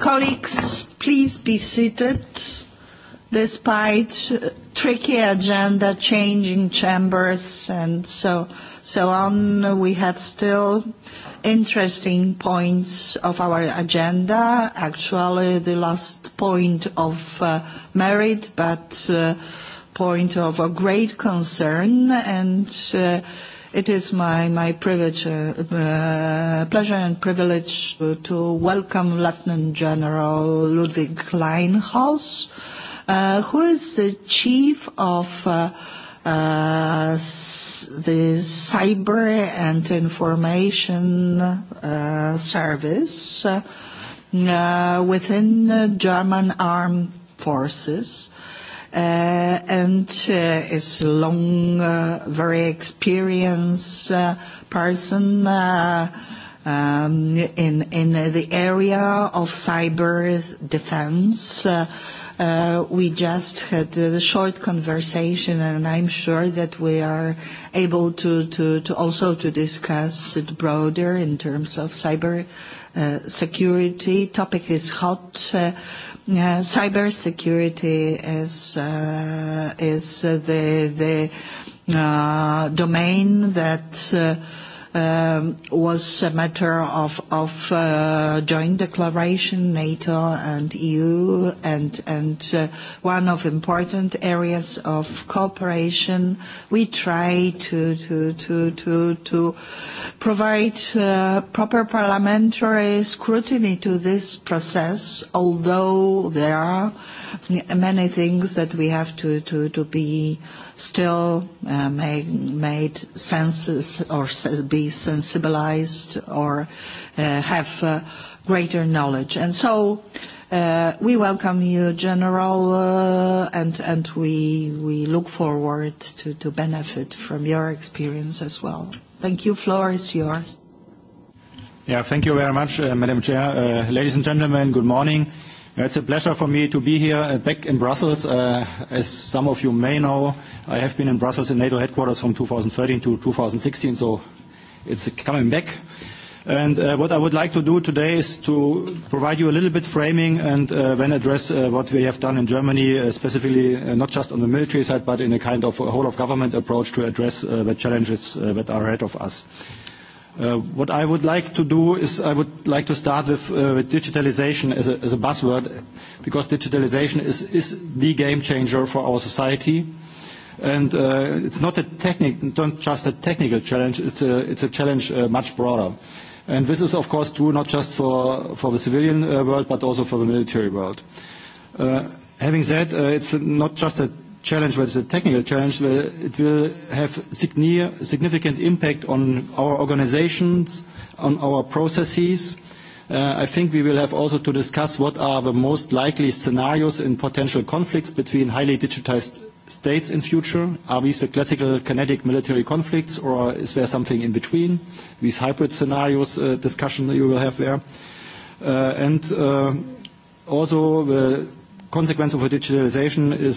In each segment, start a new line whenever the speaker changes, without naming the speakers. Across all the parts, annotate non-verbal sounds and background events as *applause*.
Colleagues, please be seated despite tricky agenda, changing chambers and so, so on. We have still interesting points of our agenda. Actually, the last point of uh, merit, but uh, point of a great concern and uh, It is my, my privilege, uh, uh, pleasure and privilege to, to welcome Lieutenant General Ludwig Kleinhaus, uh, who is the chief of uh, uh, the Cyber and Information uh, Service uh, uh, within the German Armed Forces. Uh, uh, and uh, is a long, uh, very experienced uh, person uh, um, in, in the area of cyber defense. Uh, uh, we just had a short conversation and I'm sure that we are able to, to, to also to discuss it broader in terms of cyber uh, security. Topic is hot. Uh, Yeah, uh, cyber security is uh, is uh the the uh, domain that. Uh, um, was a matter of, of uh, joint declaration, NATO and EU, and, and uh, one of important areas of cooperation. We try to, to, to, to, to provide uh, proper parliamentary scrutiny to this process, although there are many things that we have to, to, to be uh, still uh, may, made senses or be sensibilized or uh, have uh, greater knowledge. And so uh, we welcome you, General, uh, and, and we, we look forward to, to benefit from your experience as well. Thank you. Floor is yours.
Yeah, thank you very much, uh, Madam Chair. Uh, ladies and gentlemen, good morning. It's a pleasure for me to be here uh, back in Brussels. Uh, as some of you may know, I have been in Brussels in NATO headquarters from 2013 to 2016, so it's coming back. And uh, what I would like to do today is to provide you a little bit framing and uh, then address uh, what we have done in Germany, uh, specifically uh, not just on the military side, but in a kind of whole-of-government approach to address uh, the challenges uh, that are ahead of us. Uh, Uh, what I would like to do is I would like to start with, uh, with digitalization as a, as a buzzword because digitalization is, is the game changer for our society. And uh, it's not, a technic, not just a technical challenge, it's a, it's a challenge uh, much broader. And this is of course true not just for, for the civilian uh, world but also for the military world. Uh, having said, uh, it's not just a challenge, whether it's a technical challenge, it will have significant impact on our organizations, on our processes. Uh, I think we will have also to discuss what are the most likely scenarios in potential conflicts between highly digitized states in future? Are these the classical kinetic military conflicts, or is there something in between? These hybrid scenarios uh, discussion that you will have there. Uh, and uh, also the consequence of a digitalization is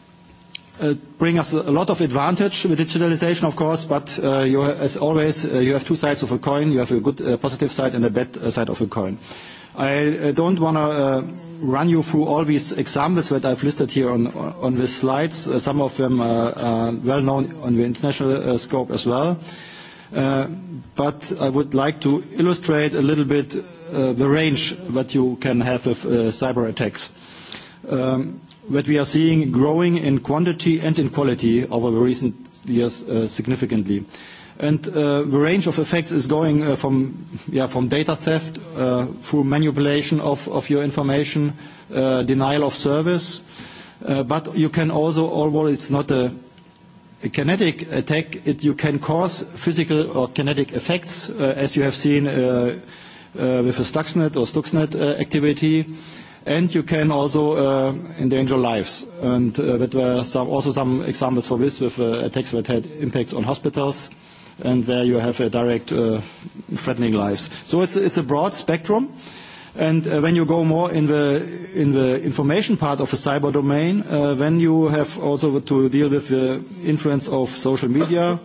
Uh, bring us a lot of advantage with digitalization, of course, but uh, you, as always, uh, you have two sides of a coin. You have a good positive side and a bad side of a coin. I, don't want to run you through all these examples that I've listed here on, on these slides. some of them are well known on the international scope as well. but I would like to illustrate a little bit the range that you can have with cyber attacks. Um, that we are seeing growing in quantity and in quality over the recent years uh, significantly. And uh, the range of effects is going uh, from, yeah, from data theft uh, through manipulation of, of your information, uh, denial of service. Uh, but you can also, although it's not a, a kinetic attack, it, you can cause physical or kinetic effects, uh, as you have seen uh, uh, with the Stuxnet or Stuxnet uh, activity. Uh, and you can also uh, endanger lives. And uh, there were some, also some examples for this with uh, attacks that had impacts on hospitals and where you have a direct uh, threatening lives. So it's, it's a broad spectrum. And uh, when you go more in the, in the information part of the cyber domain, uh, then you have also to deal with the influence of social media,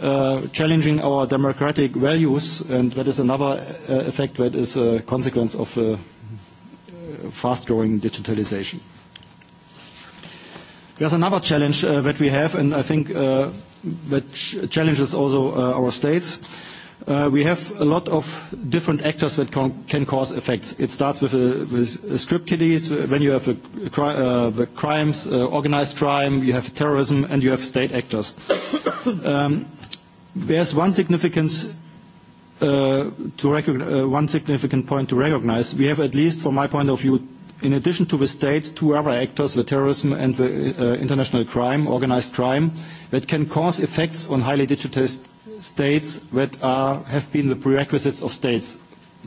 uh, challenging our democratic values, and that is another uh, effect that is a consequence of the uh, fast-growing digitalization. There's another challenge uh, that we have, and I think uh, that ch challenges also uh, our states. Uh, we have a lot of different actors that can can cause effects. It starts with, a, uh, with strip kiddies, uh, when you have a cri uh, the crimes, uh, organized crime, you have terrorism, and you have state actors. *coughs* um, there's one significant Uh, uh, one significant point to recognize. We have at least, from my point of view, in addition to the states, two other actors, the terrorism and the uh, international crime, organized crime, that can cause effects on highly digitized states that have been the prerequisites of states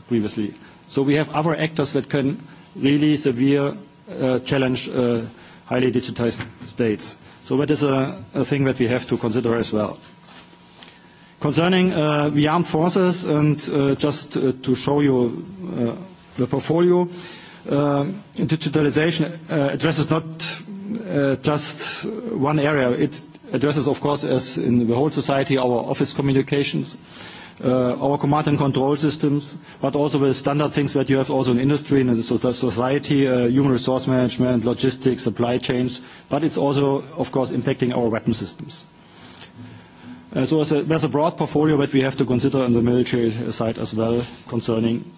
previously. So we have other actors that can really severe challenge highly digitized states. So that is a thing that we have to consider as well. Concerning uh, the armed forces, and uh, just uh, to show you uh, the portfolio, uh, digitalization uh, addresses not uh, just one area. It addresses, of course, as in the whole society, our office communications, uh, our command and control systems, but also the standard things that you have also in industry and in the society, uh, human resource management, logistics, supply chains, but it's also, of course, impacting our weapon systems. Uh, so a, there's a broad portfolio that we have to consider on the military side as well concerning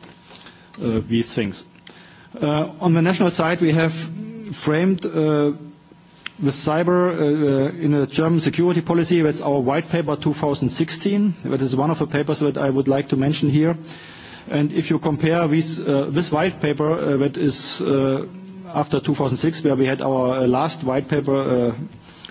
uh, these things. Uh, on the national side, we have framed uh, the cyber uh, uh in a German security policy. That's our white paper 2016. That is one of the papers that I would like to mention here. And if you compare these, uh, this white paper uh, that is uh, after 2006, where we had our uh, last white paper uh,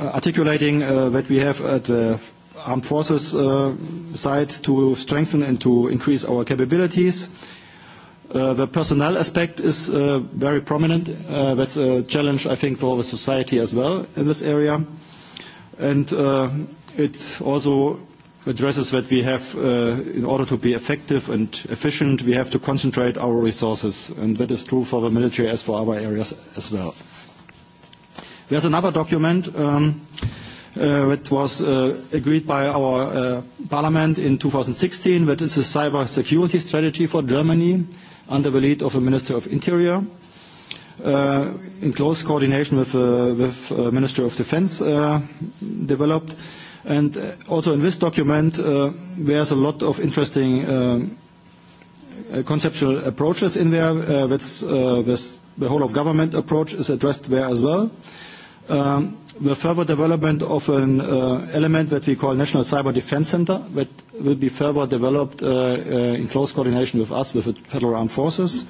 Uh, articulating uh, that we have at the armed forces uh, side to strengthen and to increase our capabilities. Uh, the personnel aspect is uh, very prominent. Uh, that's a challenge, I think, for the society as well in this area. And uh, it also addresses that we have, uh, in order to be effective and efficient, we have to concentrate our resources. And that is true for the military as for other areas as well. There's another document um, uh, that was uh, agreed by our uh, parliament in 2016 that is a cyber security strategy for Germany under the lead of the Minister of Interior uh, in close coordination with uh, with uh, Minister of Defense uh, developed. And uh, also in this document, uh, there's a lot of interesting um, uh, conceptual approaches in there. Uh, that's, uh, this, the whole of government approach is addressed there as well um, the further development of an uh, element that we call National Cyber Defense Center that will be further developed uh, uh, in close coordination with us, with the Federal Armed Forces.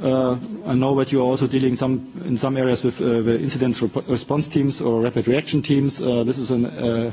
Uh, I know that you are also dealing some, in some areas with uh, the incident response teams or rapid reaction teams. Uh, this is an uh,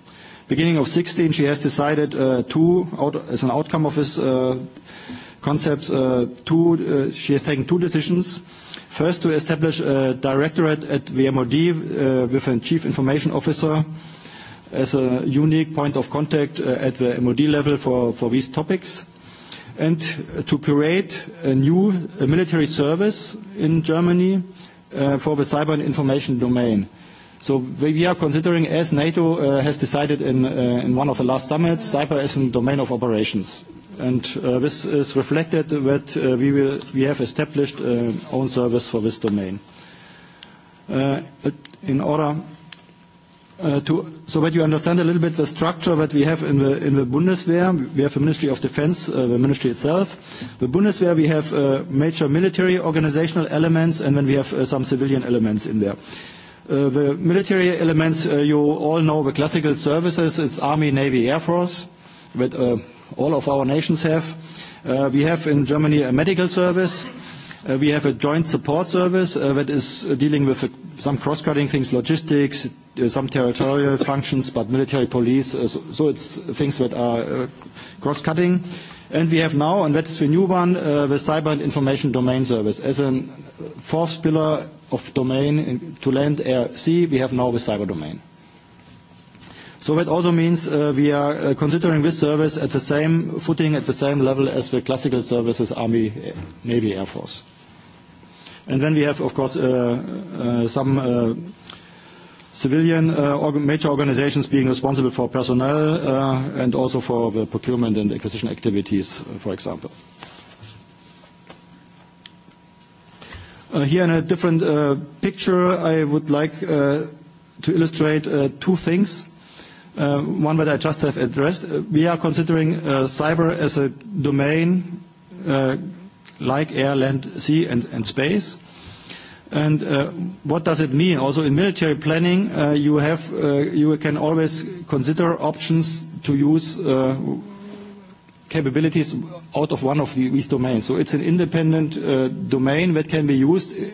beginning of 16, she has decided uh, two, out, as an outcome of this uh, concept, uh, two, uh, she has taken two decisions. First, to establish a directorate at VMOD uh, with a chief information officer as a unique point of contact uh, at the MOD level for, for these topics and uh, to create a new a military service in Germany uh, for the cyber and information domain. Uh, So we are considering, as NATO uh, has decided in, uh, in one of the last summits, cyber as a domain of operations. And uh, this is reflected that uh, we, will, we have established uh, own service for this domain. Uh, in order uh, to, so that you understand a little bit the structure that we have in the, in the Bundeswehr, we have the Ministry of Defense, uh, the Ministry itself. The Bundeswehr, we have uh, major military organizational elements, and then we have uh, some civilian elements in there. Uh, Uh, the military elements, uh, you all know the classical services, it's Army, Navy, Air Force, that uh, all of our nations have. Uh, we have in Germany a medical service. Uh, we have a joint support service uh, that is uh, dealing with uh, some cross-cutting things, logistics, uh, some territorial *laughs* functions, but military police, uh, so, so it's things that are uh, cross-cutting. And we have now, and that's the new one, uh, the Cyber and Information Domain Service as a fourth pillar of domain to land, air, sea, we have now the cyber domain. So that also means uh, we are uh, considering this service at the same footing, at the same level as the classical services, Army, Navy, Air Force. And then we have, of course, uh, uh, some uh, civilian uh, or major organizations being responsible for personnel uh, and also for the procurement and acquisition activities, for example. Uh, here in a different uh, picture, I would like uh, to illustrate uh, two things. Uh, one that I just have addressed. Uh, we are considering uh, cyber as a domain uh, like air, land, sea, and, and space. And uh, what does it mean? Also in military planning, uh, you, have, uh, you can always consider options to use uh, capabilities out of one of the, these domains. So it's an independent uh, domain that can be used uh,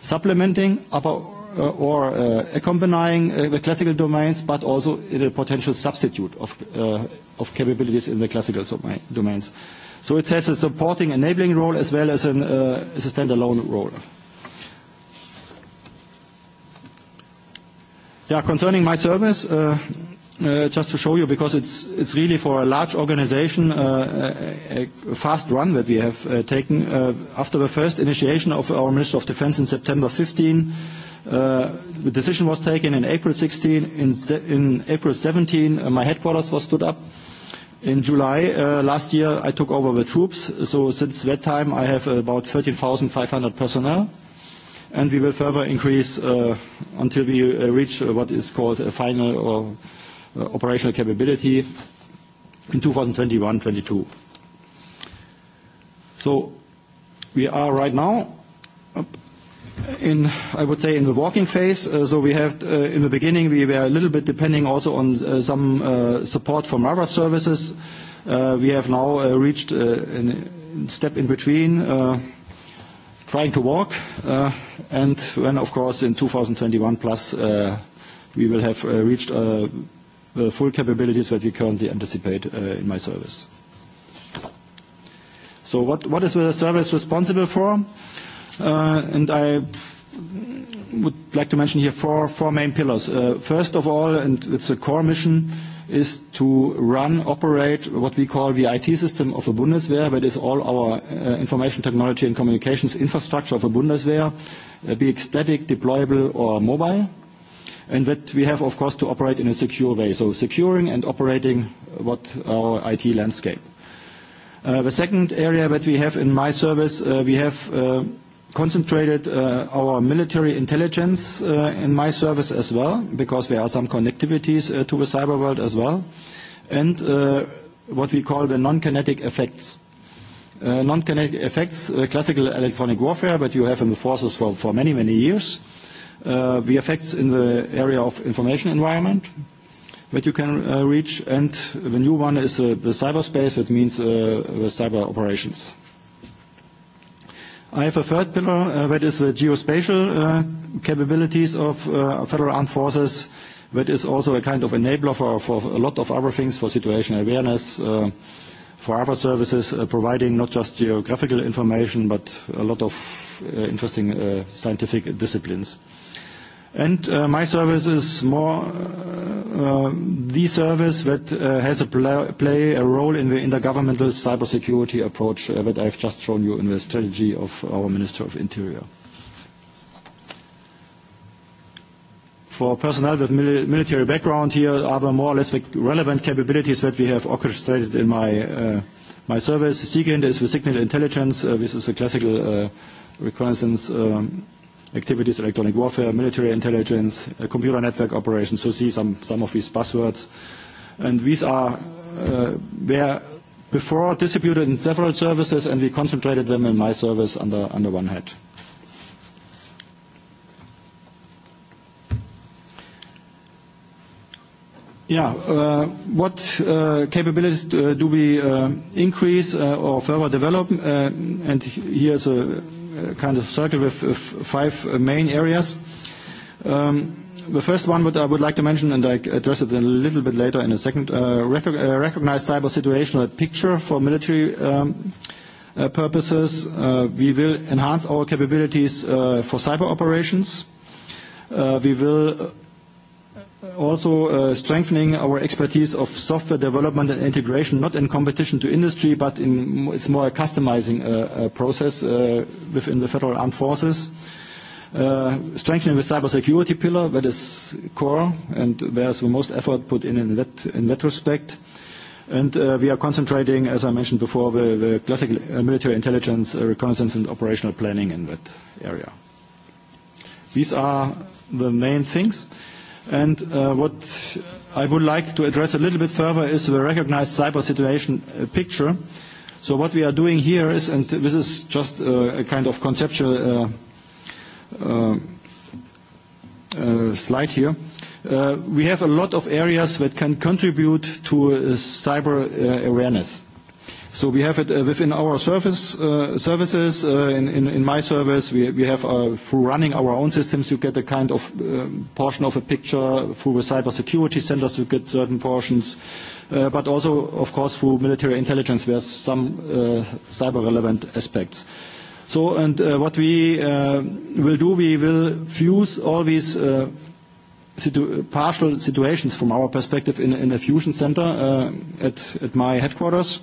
supplementing upper, uh, or uh, accompanying uh, the classical domains, but also in a potential substitute of, uh, of capabilities in the classical uh, domains. So it has a supporting enabling role as well as, an, uh, as a standalone role. Yeah, concerning my service, uh, uh, just to show you, because it's, it's really for a large organization, uh, a, a fast run that we have uh, taken. Uh, after the first initiation of our Minister of Defense in September 15, uh, the decision was taken in April 16. In, in April 17, uh, my headquarters was stood up. In July uh, last year, I took over the troops. So since that time, I have about 13,500 personnel and we will further increase uh, until we uh, reach uh, what is called a final or Uh, operational capability in 2021-22. So we are right now in, I would say, in the walking phase. Uh, so we have, uh, in the beginning, we were a little bit depending also on uh, some uh, support from other services. Uh, we have now uh, reached uh, a step in between, uh, trying to walk, uh, and then, of course, in 2021 plus, uh, we will have uh, reached uh, the full capabilities that we currently anticipate uh, in my service. So what, what is the service responsible for? Uh, and I would like to mention here four, four main pillars. Uh, first of all, and it's a core mission, is to run, operate what we call the IT system of the Bundeswehr, that is all our uh, information technology and communications infrastructure of the Bundeswehr, uh, be it static, deployable, or mobile and that we have, of course, to operate in a secure way, so securing and operating what our IT landscape. Uh, the second area that we have in my service, uh, we have uh, concentrated our military intelligence in my service as well, because there are some connectivities to the cyber world as well, and what we call the non-kinetic effects. non-kinetic effects, classical electronic warfare, but you have in the forces for, for many, many years uh, the effects in the area of information environment that you can uh, reach, and the new one is uh, the cyberspace, that means uh, the cyber operations. I have a third pillar, uh, that is the geospatial uh, capabilities of uh, federal armed forces. That is also a kind of enabler for, for a lot of other things, for situational awareness, uh, for other services, uh, providing not just geographical information, but a lot of uh, interesting uh, scientific disciplines. And uh, my service is more uh, uh the service that uh, has a play a role in the intergovernmental cybersecurity approach uh, that I've just shown you in the strategy of our Minister of Interior. For personnel with military background here are the more or less relevant capabilities that we have orchestrated in my, uh, my service. SIGINT is the signal intelligence. Uh, this is a classical uh, reconnaissance um, activities, electronic warfare, military intelligence, uh, computer network operations, so see some, some of these buzzwords. And these are uh, were before distributed in several services and we concentrated them in my service under, under one head. Yeah. Uh, what uh, capabilities do, uh, do we uh, increase uh, or further develop? Uh, and here's a, a kind of circle with uh, five uh, main areas. Um, the first one what I would like to mention, and I address it a little bit later in a second, uh, rec uh, recognize cyber situational picture for military um, uh, purposes. Uh, we will enhance our capabilities uh, for cyber operations. Uh, we will uh, also uh, strengthening our expertise of software development and integration, not in competition to industry, but in, it's more a customizing uh, uh process uh, within the Federal Armed Forces. Uh, strengthening the cybersecurity pillar, that is core, and there's the most effort put in in that, in that respect. And uh, we are concentrating, as I mentioned before, the, the classical military intelligence, uh, reconnaissance and operational planning in that area. These are the main things. And uh, what I would like to address a little bit further is the recognized cyber situation uh, picture. So what we are doing here is, and this is just uh, a kind of conceptual uh, uh, uh, slide here, uh, we have a lot of areas that can contribute to uh, cyber uh, awareness. So we have it uh, within our uh, services. Uh, in, my service, we, have, through running our own systems, you get a kind of um, portion of a picture. Through the cybersecurity centers, you get certain portions. but also, of course, through military intelligence, there's some cyber-relevant aspects. So, what we will do, we will fuse all these partial situations from our perspective in, a fusion center at, my headquarters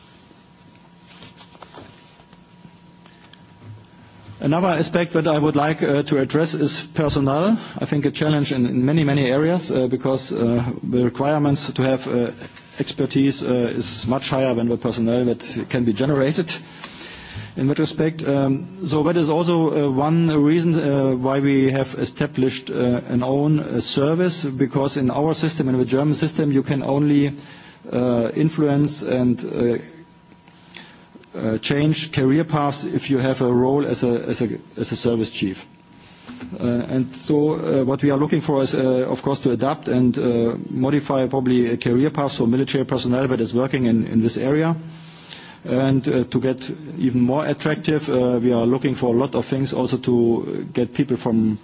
Another aspect that I would like uh, to address is personnel. I think a challenge in, many, many areas uh, because uh, the requirements to have uh, expertise uh, is much higher than the personnel that can be generated in that respect. Um, so that is also uh, one reason uh, why we have established uh, an own uh, service because in our system, in the German system, you can only uh, influence and uh, uh, change career paths if you have a role as a, as a, as a service chief. Uh, and so uh, what we are looking for is, uh, of course, to adapt and uh, modify probably a career path for military personnel that is working in, in this area. And uh, to get even more attractive, uh, we are looking for a lot of things also to get people from,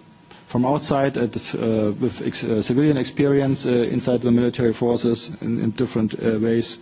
from outside at, uh, with ex uh, civilian experience uh, inside the military forces in, in different uh, ways. Uh,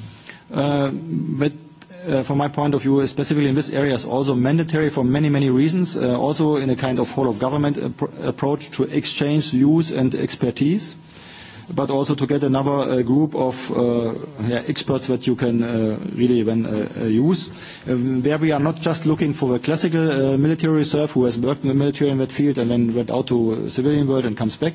Uh, but uh, from my point of view, specifically in this area, is also mandatory for many, many reasons, uh, also in a kind of whole-of-government ap approach to exchange views and expertise. Uh, but also to get another uh, group of uh, yeah, experts that you can uh, really then uh, uh, use, um, where we are not just looking for the classical uh, military reserve who has worked in the military in that field and then went out to the civilian world and comes back,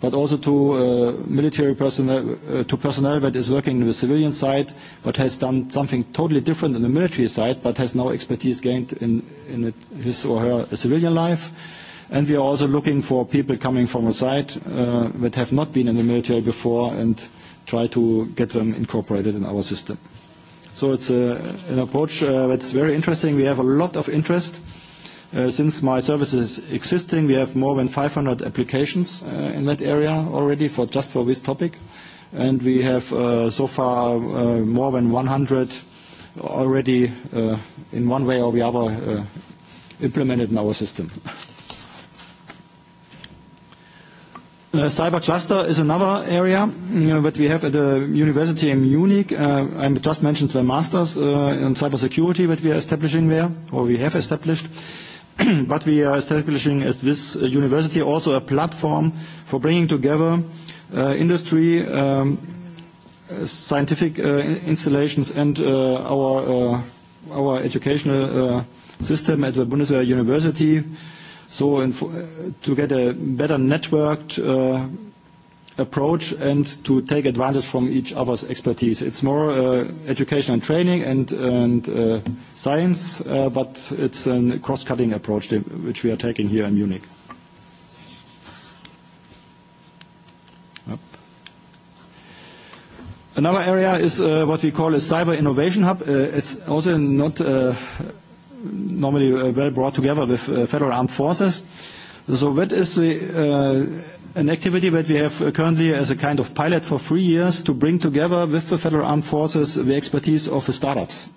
but also to uh, military personnel, uh, to personnel that is working in the civilian side, but has done something totally different in the military side, but has now expertise gained in, in it, his or her civilian life And we are also looking for people coming from a site uh, that have not been in the military before and try to get them incorporated in our system. So it's a, uh, an approach uh, that's very interesting. We have a lot of interest. Uh, since my service is existing, we have more than 500 applications uh, in that area already for just for this topic. And we have uh, so far uh, more than 100 already uh, in one way or the other uh, implemented in our system. *laughs* Uh, cyber cluster is another area you mm, know, that we have at the university in Munich. Uh, I just mentioned the masters uh, in cybersecurity that we are establishing there, or we have established. *clears throat* but we are establishing at this university also a platform for bringing together uh, industry, um, scientific uh, installations, and uh, our, uh, our educational uh, system at the Bundeswehr University. Uh, So in, uh, to get a better networked uh, approach and to take advantage from each other's expertise. It's more uh, education and training and, and uh, science, uh, but it's a cross-cutting approach which we are taking here in Munich. Another area is uh, what we call a cyber innovation hub. Uh, it's also not uh, normally uh, well brought together with uh, federal armed forces. So that is the, uh, an activity that we have currently as a kind of pilot for three years to bring together with the federal armed forces the expertise of the startups.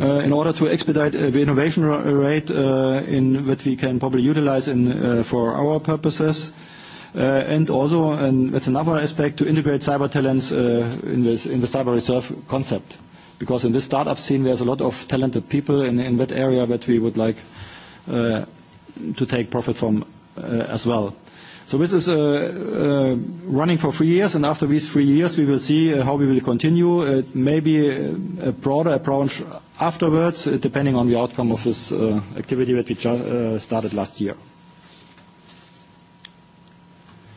Uh, in order to expedite uh, the innovation rate uh, in that we can probably utilize in, uh, for our purposes, uh, and also, and that's another aspect, to integrate cyber talents uh, in, this, in the cyber reserve concept because in this startup scene there's a lot of talented people in, in that area that we would like uh, to take profit from uh, as well. So this is uh, uh, running for three years, and after these three years, we will see uh, how we will continue. It uh, may be uh, a broader approach afterwards, uh, depending on the outcome of this uh, activity that we just, uh, started last year.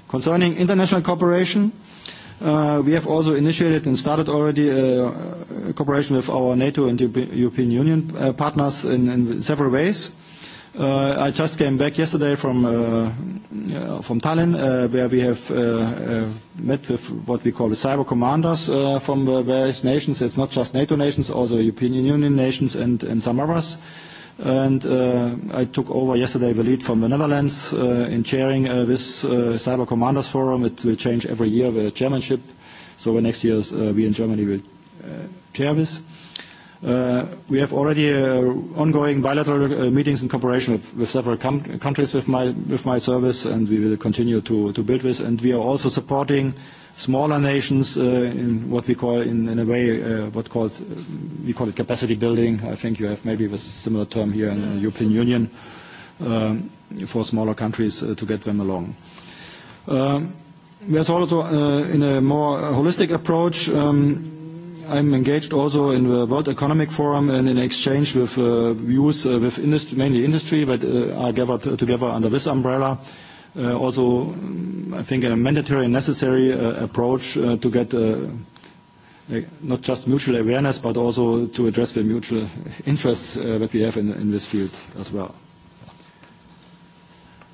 Concerning international cooperation, uh, Uh, we have also initiated and started already uh, cooperation with our NATO and European Union uh, partners in, in several ways. Uh, I just came back yesterday from, uh, uh, from Tallinn, uh, where we have uh, uh, met with what we call the cyber commanders uh, from the various nations. It's not just NATO nations, also European Union nations and, and some others. Uh, And uh, I took over yesterday the lead from the Netherlands uh, in chairing uh, this uh, Cyber Commanders Forum. It will change every year the chairmanship. So the next year, uh, we in Germany will uh, chair this. Uh, we have already uh, ongoing bilateral uh, meetings in cooperation with, with several com countries with my, with my service, and we will continue to, to build this. And we are also supporting smaller nations uh, in what we call, in, in a way, uh, what calls, uh, we call it capacity building. I think you have maybe a similar term here in the European Union um, for smaller countries uh, to get them along. Um, there's also, uh, in a more holistic approach, um, I'm engaged also in the World Economic Forum and in exchange with uh, views uh, with industry, mainly industry, but uh, are gathered together under this umbrella. Uh, also, um, I think a mandatory and necessary uh, approach uh, to get uh, uh, not just mutual awareness, but also to address the mutual interests uh, that we have in, in this field as well.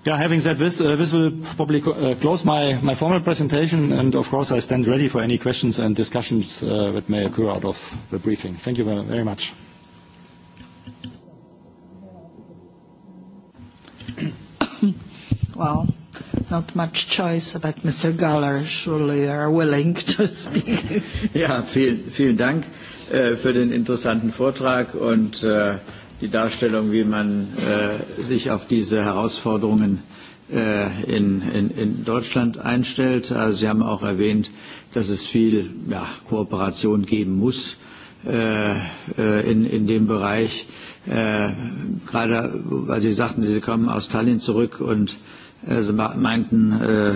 Yeah, having said this, uh, this will probably co uh, close my, my formal presentation, and of course I stand ready for any questions and discussions uh, that may occur out of the briefing. Thank you very, much.
well, not much choice, but Mr. Galler surely are willing to speak.
*laughs* yeah, vielen, vielen Dank uh, für den interessanten Vortrag und uh, die Darstellung, wie man äh, sich auf diese Herausforderungen äh, in, in, in Deutschland einstellt. Also Sie haben auch erwähnt, dass es viel ja, Kooperation geben muss äh, äh in, in dem Bereich. Äh, gerade, weil Sie sagten, Sie kommen aus Tallinn zurück und äh, Sie meinten, äh,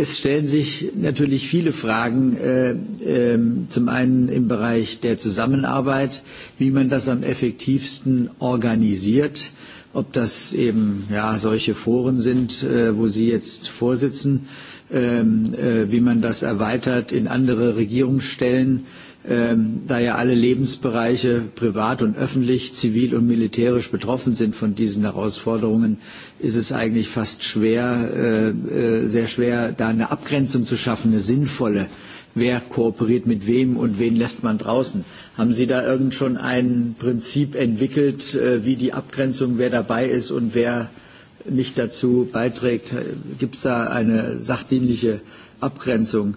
Es stellen sich natürlich viele Fragen, äh, äh, zum einen im Bereich der Zusammenarbeit, wie man das am effektivsten organisiert, ob das eben ja, solche Foren sind, äh, wo Sie jetzt vorsitzen, äh, äh, wie man das erweitert in andere Regierungsstellen, äh, ähm, da ja alle Lebensbereiche privat und öffentlich, zivil und militärisch betroffen sind von diesen Herausforderungen, ist es eigentlich fast schwer, äh, äh, sehr schwer, da eine Abgrenzung zu schaffen, eine sinnvolle wer kooperiert mit wem und wen lässt man draußen. Haben Sie da irgend schon ein Prinzip entwickelt, äh, wie die Abgrenzung, wer dabei ist und wer nicht dazu beiträgt? Gibt es da eine sachdienliche Abgrenzung?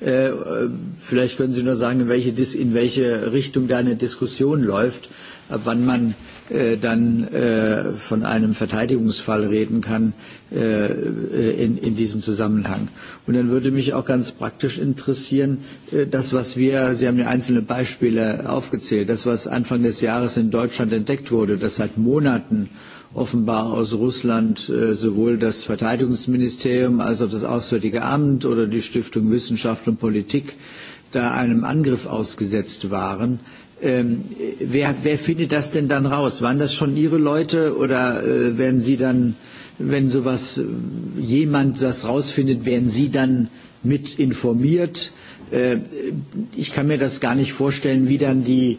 Äh, vielleicht können Sie nur sagen, in welche, in welche Richtung da eine Diskussion läuft, ab wann man äh, dann äh, von einem Verteidigungsfall reden kann äh, äh, in, in diesem Zusammenhang. Und dann würde mich auch ganz praktisch interessieren, äh, das, was wir, Sie haben ja einzelne Beispiele aufgezählt, das, was Anfang des Jahres in Deutschland entdeckt wurde, das seit Monaten äh, offenbar aus Russland äh, sowohl das Verteidigungsministerium als auch das Auswärtige Amt oder die Stiftung Wissenschaft und Politik da einem Angriff ausgesetzt waren. Ähm, wer, wer findet das denn dann raus? Waren das schon Ihre Leute oder äh, werden Sie dann, wenn sowas jemand das rausfindet, werden Sie dann mit informiert? Äh, ich kann mir das gar nicht vorstellen, wie dann die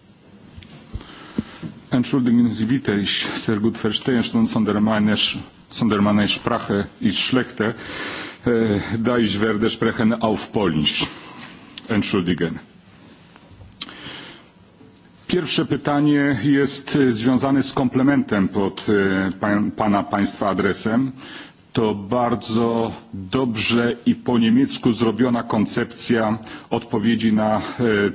Entschuldigen Sie bitte, ich sehr gut verstehe schon sondern meine Sprache ist schlechter, äh, da ich werde sprechen auf Polnisch. Entschuldigen. Pierwsze pytanie jest związane z komplementem pod e, pan, Pana Państwa adresem. To bardzo dobrze i po niemiecku zrobiona koncepcja odpowiedzi na e,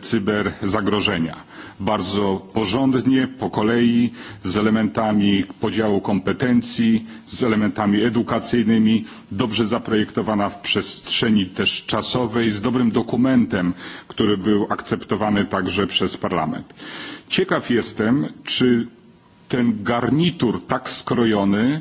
cyberzagrożenia bardzo porządnie, po kolei, z elementami podziału kompetencji, z elementami edukacyjnymi, dobrze zaprojektowana w przestrzeni też czasowej, z dobrym dokumentem, który był akceptowany także przez Parlament. Ciekaw jestem, czy ten garnitur tak skrojony,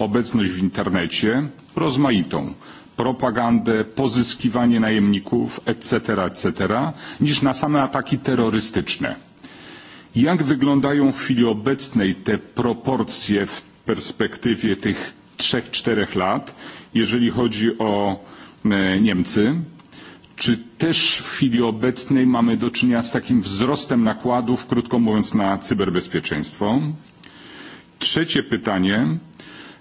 obecność w internecie rozmaitą propagandę, pozyskiwanie najemników, etc., etc., niż na same ataki terrorystyczne. Jak wyglądają w chwili obecnej te proporcje w perspektywie tych trzech, czterech lat, jeżeli chodzi o e, Niemcy? Czy też w chwili obecnej mamy do czynienia z takim wzrostem nakładów, krótko mówiąc, na cyberbezpieczeństwo? Trzecie pytanie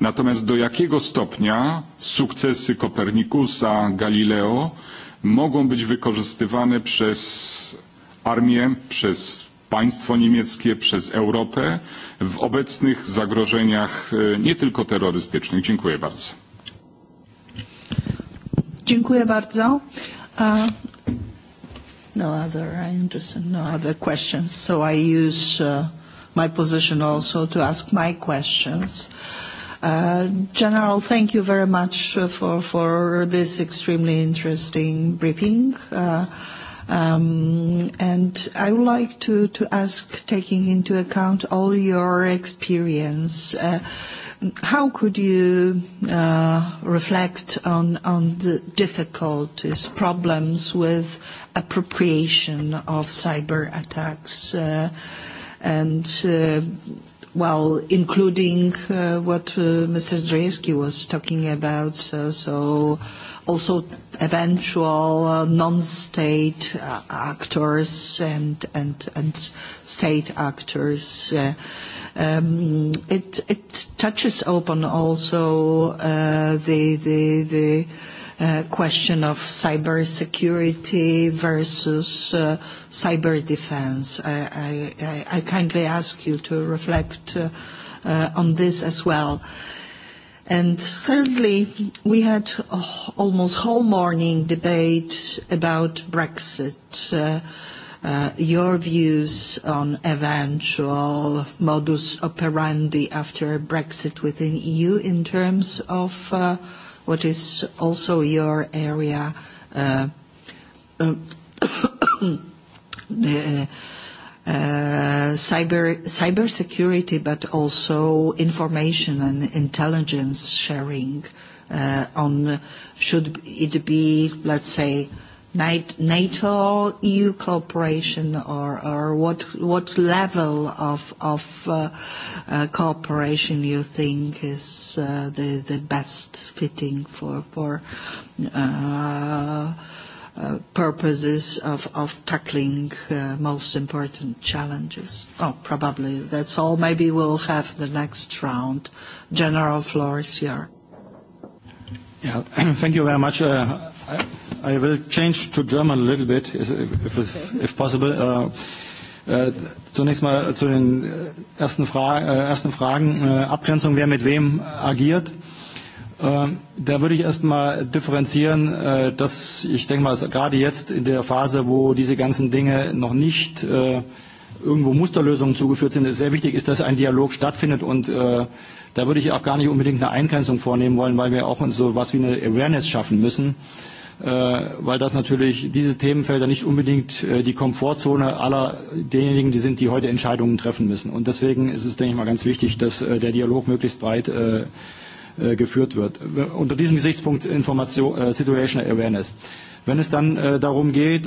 Natomiast do jakiego stopnia sukcesy Kopernikusa, Galileo mogą być wykorzystywane przez armię, przez państwo niemieckie, przez Europę w obecnych zagrożeniach e, nie tylko terrorystycznych. Dziękuję bardzo.
Dziękuję bardzo. Uh, no other, I understand no other questions, so I use uh, my position also to ask my questions. Uh, Uh, General, thank you very much uh, for, for this extremely interesting briefing. Uh, um, and I would like to, to ask, taking into account all your experience, uh, how could you uh, reflect on, on the difficulties, problems with appropriation of cyber attacks? Uh, and uh, well, including uh, what uh, Mr. Zdrajewski was talking about, so, also eventual uh, non-state uh, actors and, and, and state actors. Uh, um, it, it touches upon also uh, the, the, the uh, question of cyber security versus uh, cyber defense. I, I, I kindly ask you to reflect uh, uh, on this as well. And thirdly, we had a, almost whole morning debate about Brexit. Uh, uh, your views on eventual modus operandi after Brexit within EU in terms of uh, what is also your area. Uh, um, *coughs* the, uh, cyber cyber security, but also information and intelligence sharing uh, on should it be, let's say, NATO, EU cooperation, or, or what, what level of, of uh, uh, cooperation you think is uh, the, the best fitting for, for uh, uh, purposes of, of tackling uh, most important challenges. Oh, probably that's all. Maybe we'll have the next round. General floor is Yeah,
*clears throat* thank you very much. Uh, I I will change to German a little bit, if, if, if possible. Uh, äh, zunächst mal zu den ersten, Fra äh, ersten Fragen. Äh, Abgrenzung, wer mit wem agiert. Äh, da würde ich erst mal differenzieren, äh, dass ich denke mal, gerade jetzt in der Phase, wo diese ganzen Dinge noch nicht äh, irgendwo Musterlösungen zugeführt sind, ist sehr wichtig, ist, dass ein Dialog stattfindet und äh, da würde ich auch gar nicht unbedingt eine Eingrenzung vornehmen wollen, weil wir auch so etwas wie eine Awareness schaffen müssen. Äh, Äh, weil das natürlich diese Themenfelder nicht unbedingt äh, die Komfortzone aller derjenigen, die sind, die heute Entscheidungen treffen müssen. Und deswegen ist es, denke ich mal, ganz wichtig, dass äh, der Dialog möglichst breit geführt wird. Unter diesem Gesichtspunkt Information, Situational Awareness. Wenn es dann darum geht,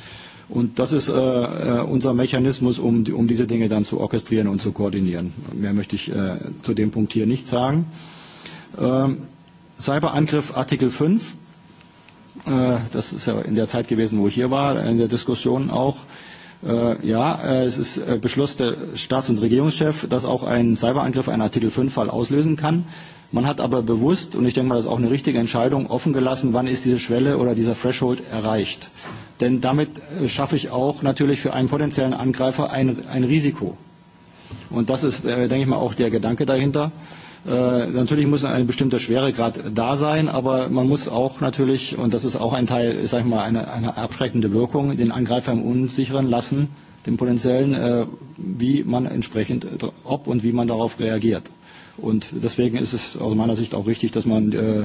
Und das ist äh, äh unser Mechanismus, um, um diese Dinge dann zu orchestrieren und zu koordinieren. Mehr möchte ich äh, zu dem Punkt hier nicht sagen. Äh, Cyberangriff Artikel 5. Äh, das ist ja in der Zeit gewesen, wo ich hier war, in der Diskussion auch. Äh, Äh, ja, äh, es ist äh, Beschluss der Staats- und Regierungschef, dass auch ein Cyberangriff einen Artikel 5-Fall auslösen kann. Man hat aber bewusst, und ich denke mal, das ist auch eine richtige Entscheidung, offen gelassen, wann ist diese Schwelle oder dieser Threshold erreicht. Denn damit äh, schaffe ich auch natürlich für einen potenziellen Angreifer ein, ein Risiko. Und das ist, äh, denke ich mal, auch der Gedanke dahinter. Äh, natürlich muss ein bestimmter Schweregrad da sein, aber man muss auch natürlich, und das ist auch ein Teil, sag ich mal, eine, eine abschreckende Wirkung, den Angreifer im Unsicheren lassen, den potenziellen, äh, wie man entsprechend, ob und wie man darauf reagiert. Und deswegen ist es aus meiner Sicht auch richtig, dass man äh,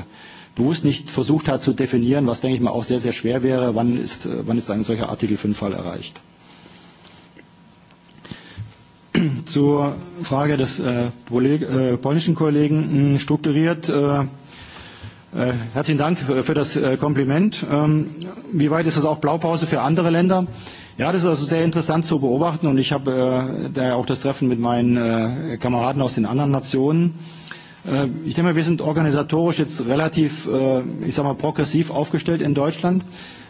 bewusst nicht versucht hat zu definieren, was, denke ich mal, auch sehr, sehr schwer wäre, wann ist, äh, wann ist ein solcher Artikel 5-Fall erreicht. *clears throat* zur Frage des äh, äh polnischen Kollegen hm, strukturiert. Äh, äh, herzlichen Dank äh, für das äh, Kompliment. Ähm, wie weit ist das auch Blaupause für andere Länder? Ja, das ist also sehr interessant zu beobachten und ich habe äh, da auch das Treffen mit meinen äh, Kameraden aus den anderen Nationen. Äh, Äh, ich denke mal, wir sind organisatorisch jetzt relativ, äh, ich sag mal, progressiv aufgestellt in Deutschland.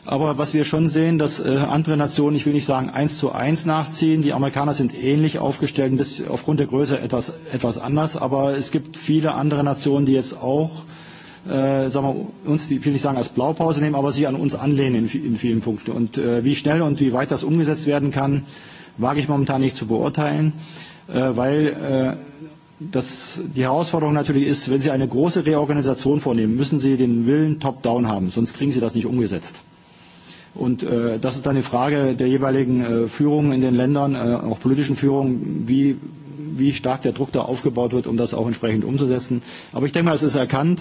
Aber was wir schon sehen, dass äh, andere Nationen, ich will nicht sagen eins zu eins nachziehen, die Amerikaner sind ähnlich aufgestellt, ein bisschen aufgrund der Größe etwas, etwas anders. Aber es gibt viele andere Nationen, die jetzt auch äh, sagen wir, uns, ich will ich sagen, als Blaupause nehmen, aber sie an uns anlehnen in, in vielen Punkten. Und äh, wie schnell und wie weit das umgesetzt werden kann, wage ich momentan nicht zu beurteilen, äh, weil das, die Herausforderung natürlich ist, wenn Sie eine große Reorganisation vornehmen, müssen Sie den Willen top-down haben, sonst kriegen Sie das nicht umgesetzt. Und äh, das ist dann die Frage der jeweiligen äh, Führung in den Ländern, äh, auch politischen Führung, wie, wie stark der Druck da aufgebaut wird, um das auch entsprechend umzusetzen. Aber ich denke mal, es ist erkannt,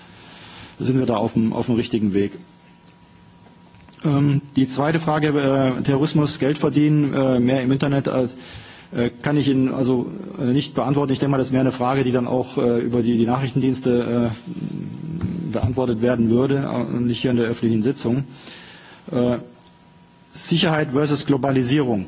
sind wir da auf dem, auf dem richtigen Weg. Ähm, die zweite Frage, äh, Terrorismus, Geld verdienen, äh, mehr im Internet als äh, kann ich Ihnen also äh, nicht beantworten. Ich denke mal, das wäre eine Frage, die dann auch äh, über die, die Nachrichtendienste äh, beantwortet werden würde, äh, und nicht hier in der öffentlichen Sitzung. Äh, Sicherheit versus Globalisierung. Äh,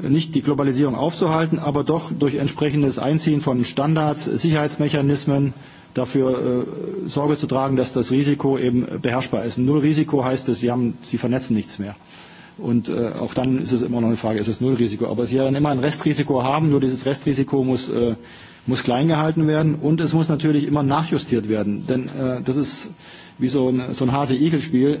nicht die Globalisierung aufzuhalten, aber doch durch entsprechendes Einziehen von Standards, Sicherheitsmechanismen dafür äh, Sorge zu tragen, dass das Risiko eben beherrschbar ist. Null Risiko heißt es, sie, sie vernetzen nichts mehr. Und äh, auch dann ist es immer noch eine Frage, ist es Nullrisiko. Aber sie werden immer ein Restrisiko haben, nur dieses Restrisiko muss, äh, muss klein gehalten werden und es muss natürlich immer nachjustiert werden. Denn äh, das ist wie so ein, so ein Hase-Igel-Spiel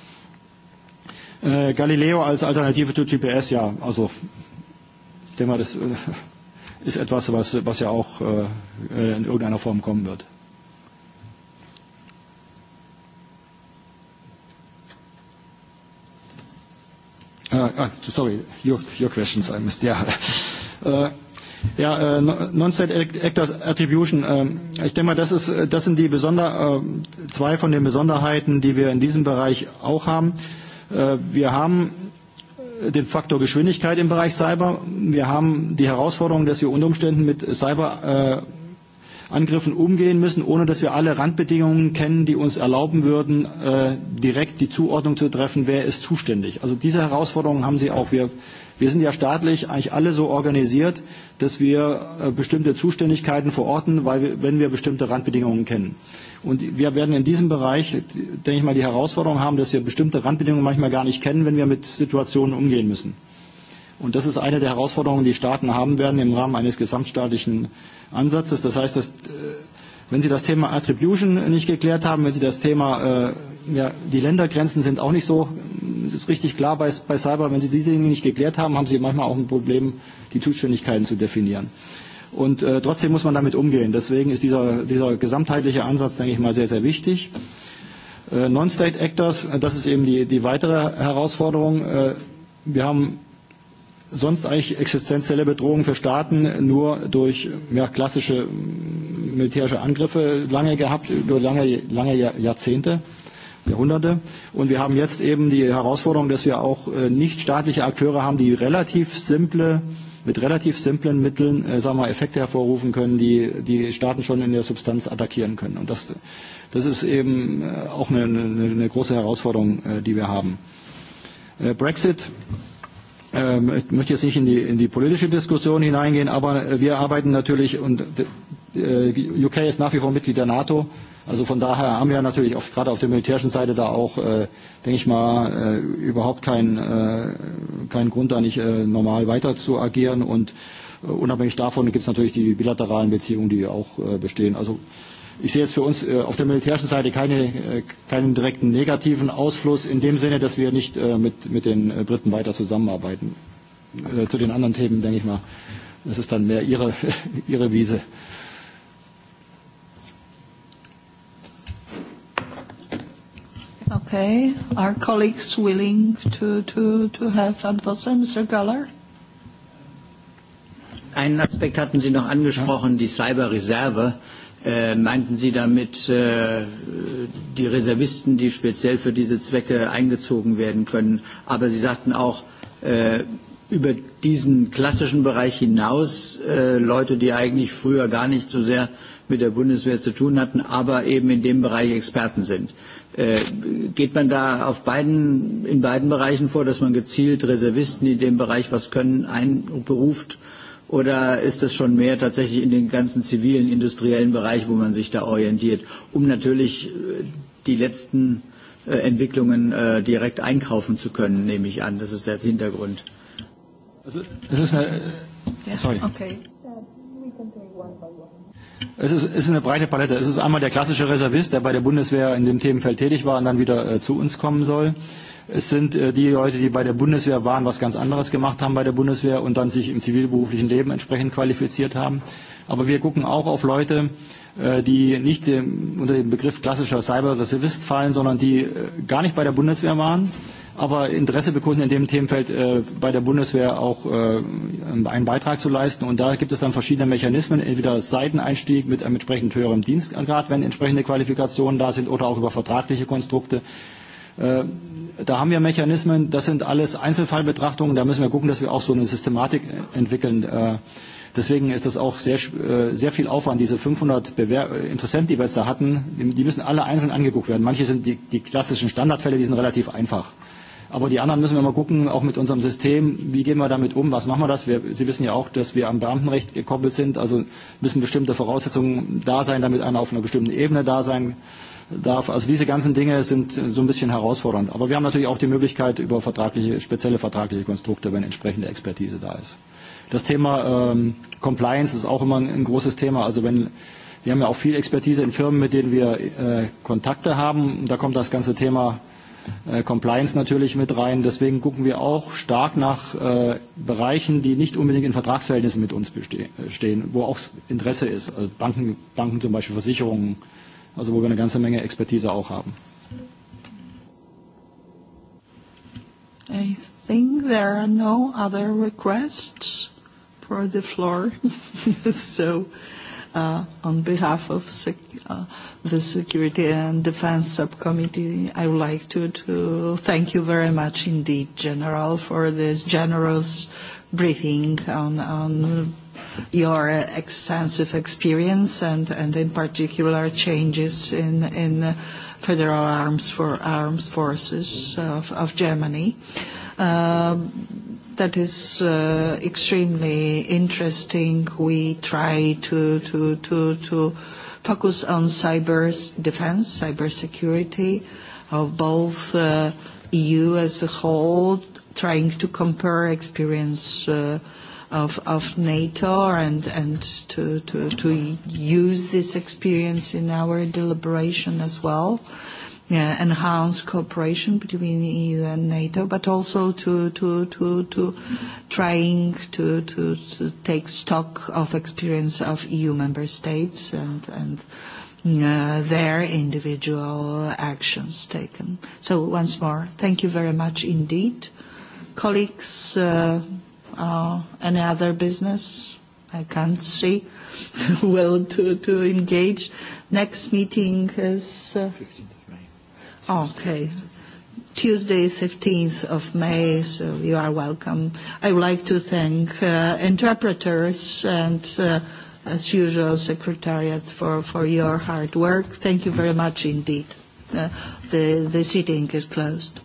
Äh, Galileo als Alternative zu GPS, ja, also ich denke mal, das äh, ist etwas, was, was ja auch äh, äh in irgendeiner Form kommen wird. Uh, ah, sorry, your, your questions I missed. Yeah. Uh, Ja, Non-State Actors Attribution, ich denke mal, das, ist, das sind die Besonder, zwei von den Besonderheiten, die wir in diesem Bereich auch haben. Äh, wir haben den Faktor Geschwindigkeit im Bereich Cyber. Wir haben die Herausforderung, dass wir unter Umständen mit Cyber äh, Angriffen umgehen müssen, ohne dass wir alle Randbedingungen kennen, die uns erlauben würden, äh, direkt die Zuordnung zu treffen, wer ist zuständig. Also diese Herausforderungen haben Sie auch. Wir Wir sind ja staatlich eigentlich alle so organisiert, dass wir äh, bestimmte Zuständigkeiten verorten, weil wir, wenn wir bestimmte Randbedingungen kennen. Und wir werden in diesem Bereich, denke ich mal, die Herausforderung haben, dass wir bestimmte Randbedingungen manchmal gar nicht kennen, wenn wir mit Situationen umgehen müssen. Und das ist eine der Herausforderungen, die Staaten haben werden im Rahmen eines gesamtstaatlichen Ansatzes. Das heißt, dass, äh, wenn Sie das Thema Attribution nicht geklärt haben, wenn Sie das Thema, äh, ja, die Ländergrenzen sind auch nicht so ist richtig klar bei, bei Cyber, wenn Sie diese Dinge nicht geklärt haben, haben Sie manchmal auch ein Problem, die Zuständigkeiten zu definieren. Und äh, trotzdem muss man damit umgehen. Deswegen ist dieser, dieser gesamtheitliche Ansatz, denke ich mal, sehr, sehr wichtig. Äh, Non-State Actors, äh, das ist eben die, die weitere Herausforderung. Äh, wir haben sonst eigentlich existenzielle Bedrohungen für Staaten nur durch ja, klassische militärische Angriffe lange gehabt, über lange, lange Jahrzehnte. Jahrhunderte. Und wir haben jetzt eben die Herausforderung, dass wir auch äh, nichtstaatliche Akteure haben, die relativ simple mit relativ simplen Mitteln äh, sagen wir, Effekte hervorrufen können, die die Staaten schon in der Substanz attackieren können. Und das, das ist eben äh, auch eine, eine, eine große Herausforderung, äh, die wir haben. Brexit Ähm, ich möchte jetzt nicht in die, in die politische Diskussion hineingehen, aber wir arbeiten natürlich und äh, UK ist nach wie vor Mitglied der NATO. Also von daher haben wir natürlich auf, gerade auf der militärischen Seite da auch, äh, denke ich mal, äh, überhaupt äh, keinen äh, kein Grund, da nicht äh, normal weiter zu agieren. Und äh, unabhängig davon gibt es natürlich die bilateralen Beziehungen, die auch äh, bestehen. Also Ich sehe jetzt für uns äh, auf der militärischen Seite keine, äh, keinen direkten negativen Ausfluss in dem Sinne, dass wir nicht äh, mit, mit den Briten weiter zusammenarbeiten. Zu den anderen Themen denke ich mal, das ist dann mehr ihre, *laughs* ihre Wiese.
Okay, are colleagues willing to, to, to have answers, Mr. Galler?
Einen Aspekt hatten Sie noch angesprochen, ja. die Cyberreserve. reserve Äh, meinten Sie damit äh, die Reservisten, die speziell für diese Zwecke eingezogen werden können? Aber Sie sagten auch, äh, über diesen klassischen Bereich hinaus äh, Leute, die eigentlich früher gar nicht so sehr mit der Bundeswehr zu tun hatten, aber eben in dem Bereich Experten sind. Äh, geht man da auf beiden, in beiden Bereichen vor, dass man gezielt Reservisten, die in dem Bereich was können, einberuft? Äh, Oder ist es schon mehr tatsächlich in den ganzen zivilen, industriellen Bereich, wo man sich da orientiert, um natürlich äh, die letzten äh, Entwicklungen äh, direkt einkaufen zu können, nehme ich an. Das ist der Hintergrund.
Also, es ist eine,
sorry. Okay.
Es ist, es ist eine breite Palette. Es ist einmal der klassische Reservist, der bei der Bundeswehr in dem Themenfeld tätig war und dann wieder äh, zu uns kommen soll. Es sind äh, die Leute, die bei der Bundeswehr waren, was ganz anderes gemacht haben bei der Bundeswehr und dann sich im zivilberuflichen Leben entsprechend qualifiziert haben. Aber wir gucken auch auf Leute, äh, die nicht dem, unter dem Begriff klassischer Cyberreservist fallen, sondern die äh, gar nicht bei der Bundeswehr waren, aber Interesse bekunden, in dem Themenfeld äh, bei der Bundeswehr auch äh, einen Beitrag zu leisten. Und da gibt es dann verschiedene Mechanismen, entweder Seiteneinstieg mit einem entsprechend höherem Dienstgrad, wenn entsprechende Qualifikationen da sind, oder auch über vertragliche Konstrukte. Äh, da haben wir Mechanismen, das sind alles Einzelfallbetrachtungen, da müssen wir gucken, dass wir auch so eine Systematik entwickeln. Äh, deswegen ist das auch sehr, äh, sehr viel Aufwand. Diese 500 Bewer Interessenten, die wir jetzt da hatten, die müssen alle einzeln angeguckt werden. Manche sind die, die klassischen Standardfälle, die sind relativ einfach. Aber die anderen müssen wir mal gucken, auch mit unserem System, wie gehen wir damit um, was machen wir das? Wir, Sie wissen ja auch, dass wir am Beamtenrecht gekoppelt sind, also müssen bestimmte Voraussetzungen da sein, damit einer auf einer bestimmten Ebene da sein darf. Also diese ganzen Dinge sind so ein bisschen herausfordernd. Aber wir haben natürlich auch die Möglichkeit über vertragliche, spezielle vertragliche Konstrukte, wenn entsprechende Expertise da ist. Das Thema ähm, Compliance ist auch immer ein, ein großes Thema. Also wenn wir haben ja auch viel Expertise in Firmen, mit denen wir äh, Kontakte haben. Da kommt das ganze Thema äh, Compliance natürlich mit rein. Deswegen gucken wir auch stark nach äh, Bereichen, die nicht unbedingt in Vertragsverhältnissen mit uns äh, stehen, wo auch Interesse ist. Also Banken, Banken zum Beispiel, Versicherungen, äh, also wo wir eine ganze Menge Expertise auch haben.
I think there are no other requests for the floor. *laughs* so, uh, on behalf of sec uh, the Security and Defense Subcommittee, I would like to, to thank you very much indeed, General, for this generous briefing on, on your uh, extensive experience and, and in particular changes in, in uh, federal arms for arms forces of, of Germany. Um, that is uh, extremely interesting. We try to, to, to, to focus on cyber defense, cyber security of both uh, EU as a whole, trying to compare experience uh, of, of NATO and, and to, to, to use this experience in our deliberation as well. Yeah, uh, enhance cooperation between EU and NATO, but also to, to, to, to trying to, to, to take stock of experience of EU member states and, and uh, their individual actions taken. So once more, thank you very much indeed. Colleagues, uh, uh, any other business I can't see *laughs* well to, to engage. Next meeting is... Uh, 15th of May. Okay. Tuesday, 15th of May, so you are welcome. I would like to thank uh, interpreters and, uh, as usual, Secretariat for, for your hard work. Thank you very much indeed. Uh, the, the sitting is closed.